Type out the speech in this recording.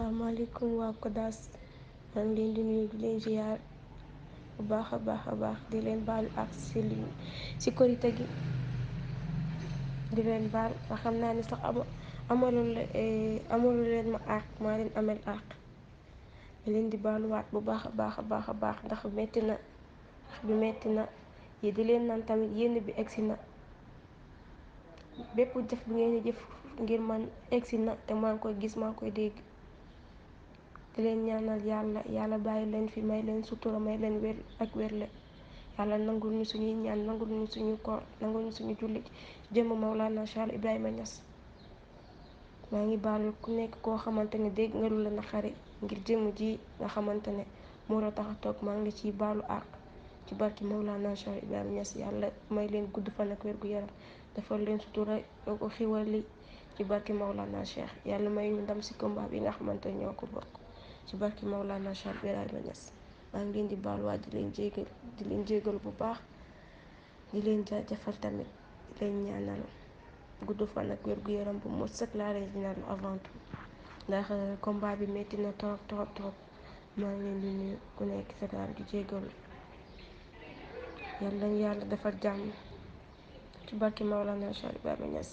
asalaamaaleykum waa CODAS maa ngi leen di nuyu di leen ziar bu baax a baax a baax di leen baalu ak si li si korite gi di leen baal nga xam naa ni sax ama eh, leen ma àq maa leen amel àq leen di baaluwaat bu baax a baax a baax a baax ndax metti na ndax bi metti na yi di leen naan tamit yenn bi egsi na bépp jëf bi ngeen di jëf ngir man egsi na te maa ngi koy gis maa koy dégg di leen ñaanal yàlla yàlla bàyyi leen fi may leen sutura may leen wér ak wérle yàlla nangul ñu suñuy ñaan nangul ñu suñu koor ñu suñu jullit jëmm Mawlana Cheikh Ibrahima Niass maa ngi baalu ku nekk koo xamante ne dégg nga la naqari ngir jëmm ji nga xamante ne moo tax a toog maa ngi ciy baalu àq ci barki Mawlana Cheikh Ibrahima Niass yàlla may leen gudd fan ak wér gu yaram defal leen sutura ko xiwali ci barki Mawlana Cheikh yàlla may ñu ndam si combat bi nga xamante ñoo ko bokk ci barki Mawlana Cheikh Ibrahima Niass maa ngi leen di baaluwaat di leen jégal di leen jégal bu baax di leen jaajëfal tamit leen ñaanal gudd fan ak wér gu yaram bu mot sëkk laa leen di ndax combat bi metti na trop trop trop maa ngi leen di ku nekk sa gaal di yàlla nañu yàlla defal jàmm ci barki Mawlana Cheikh Ibrahima Niass.